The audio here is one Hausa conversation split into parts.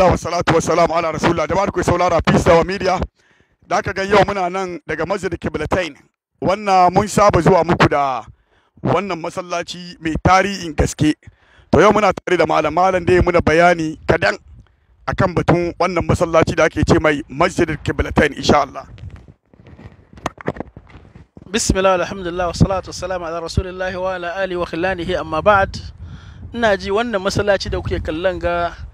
alhamdulillah wa salatu wa salam ala rasulullah jama'ar ku saurara peace wa media da aka ga yau muna nan daga masjid kiblatain wannan mun saba zuwa muku da wannan masallaci mai tarihin gaske to yau muna tare da malam malam da muna bayani kadan akan batun wannan masallaci da ake ce mai masjid kiblatain insha Allah bismillah alhamdulillah wa salatu wa salam ala rasulullah wa ala alihi wa khilanihi amma ba'd ina ji wannan masallaci da kuke kallon ga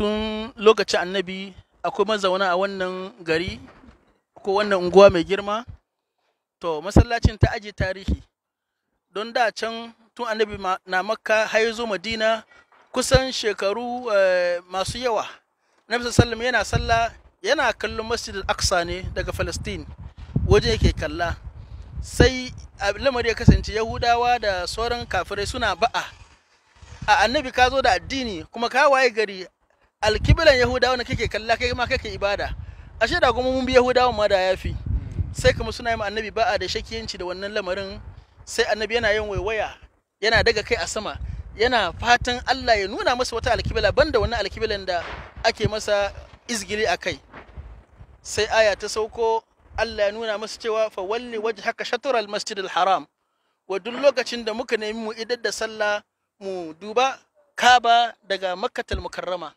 tun lokacin annabi akwai mazauna a wannan gari ko wannan unguwa mai girma to masallacin ta aje tarihi don da can tun annabi na makka har zo madina kusan shekaru eh, masu yawa nabi sallam yana sallah yana kallon masjid aksa ne daga palestine waje yake kalla sai lamari ya kasance yahudawa da sauran kafirai suna ba'a a annabi ka zo da addini kuma ka waye gari Alkibilan yahudawa na kake kalla kai ma kake ibada ashe da kuma mun bi yahudawa ma da yafi sai kuma suna yin annabi ba a da shakiyanci da wannan lamarin sai annabi yana yin waiwaya yana daga kai a sama yana fatan Allah ya nuna masa wata alkibla banda wannan alkiblan da ake masa izgili a kai sai aya ta sauko Allah ya nuna masa cewa fa walli wajhaka shatr al masjid al haram wa duk lokacin da muka nemi mu idar da sallah mu duba kaba daga makkatul mukarrama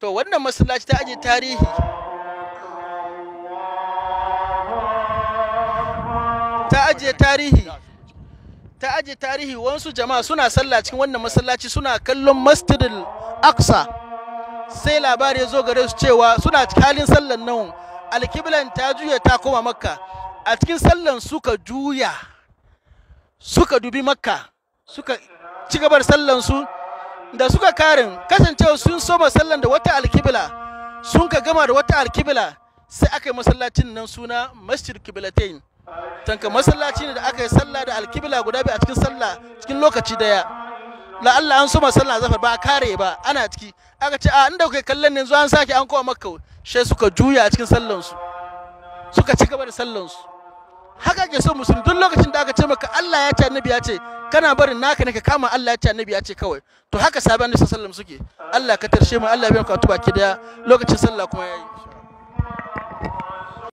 to wannan masallaci ta aje tarihi ta aje tarihi ta aje tarihi wasu jama'a suna sallah cikin wannan masallaci suna kallon masjidil Aqsa. sai labari ya zo gare su cewa suna halin sallan nan alkiblan ta juya ta koma makka a cikin sallan suka juya suka dubi makka suka ci gabar sallan su da suka karin kasancewa sun soma sallan da wata alkibla sun ka gama da wata alkibla sai aka yi masallacin nan suna masjid kiblatain tanka masallaci ne da aka yi sallah da alkibla guda biyu a cikin sallah cikin lokaci daya la Allah an soma sallah zafar ba kare ba ana ciki aka ce a inda kai kallon ne zuwa an sake an kowa makka sai suka juya a cikin su suka ci gaba da su ake so musulmi duk lokacin da aka ce maka Allah ya ce annabi ya ce kana barin naka ne ka kama Allah ya ce annabi ya ce kawai to haka sahabban da sallallahu suke Allah ka tarshe mu Allah ya biya ku tuba ki da lokacin sallah kuma yayi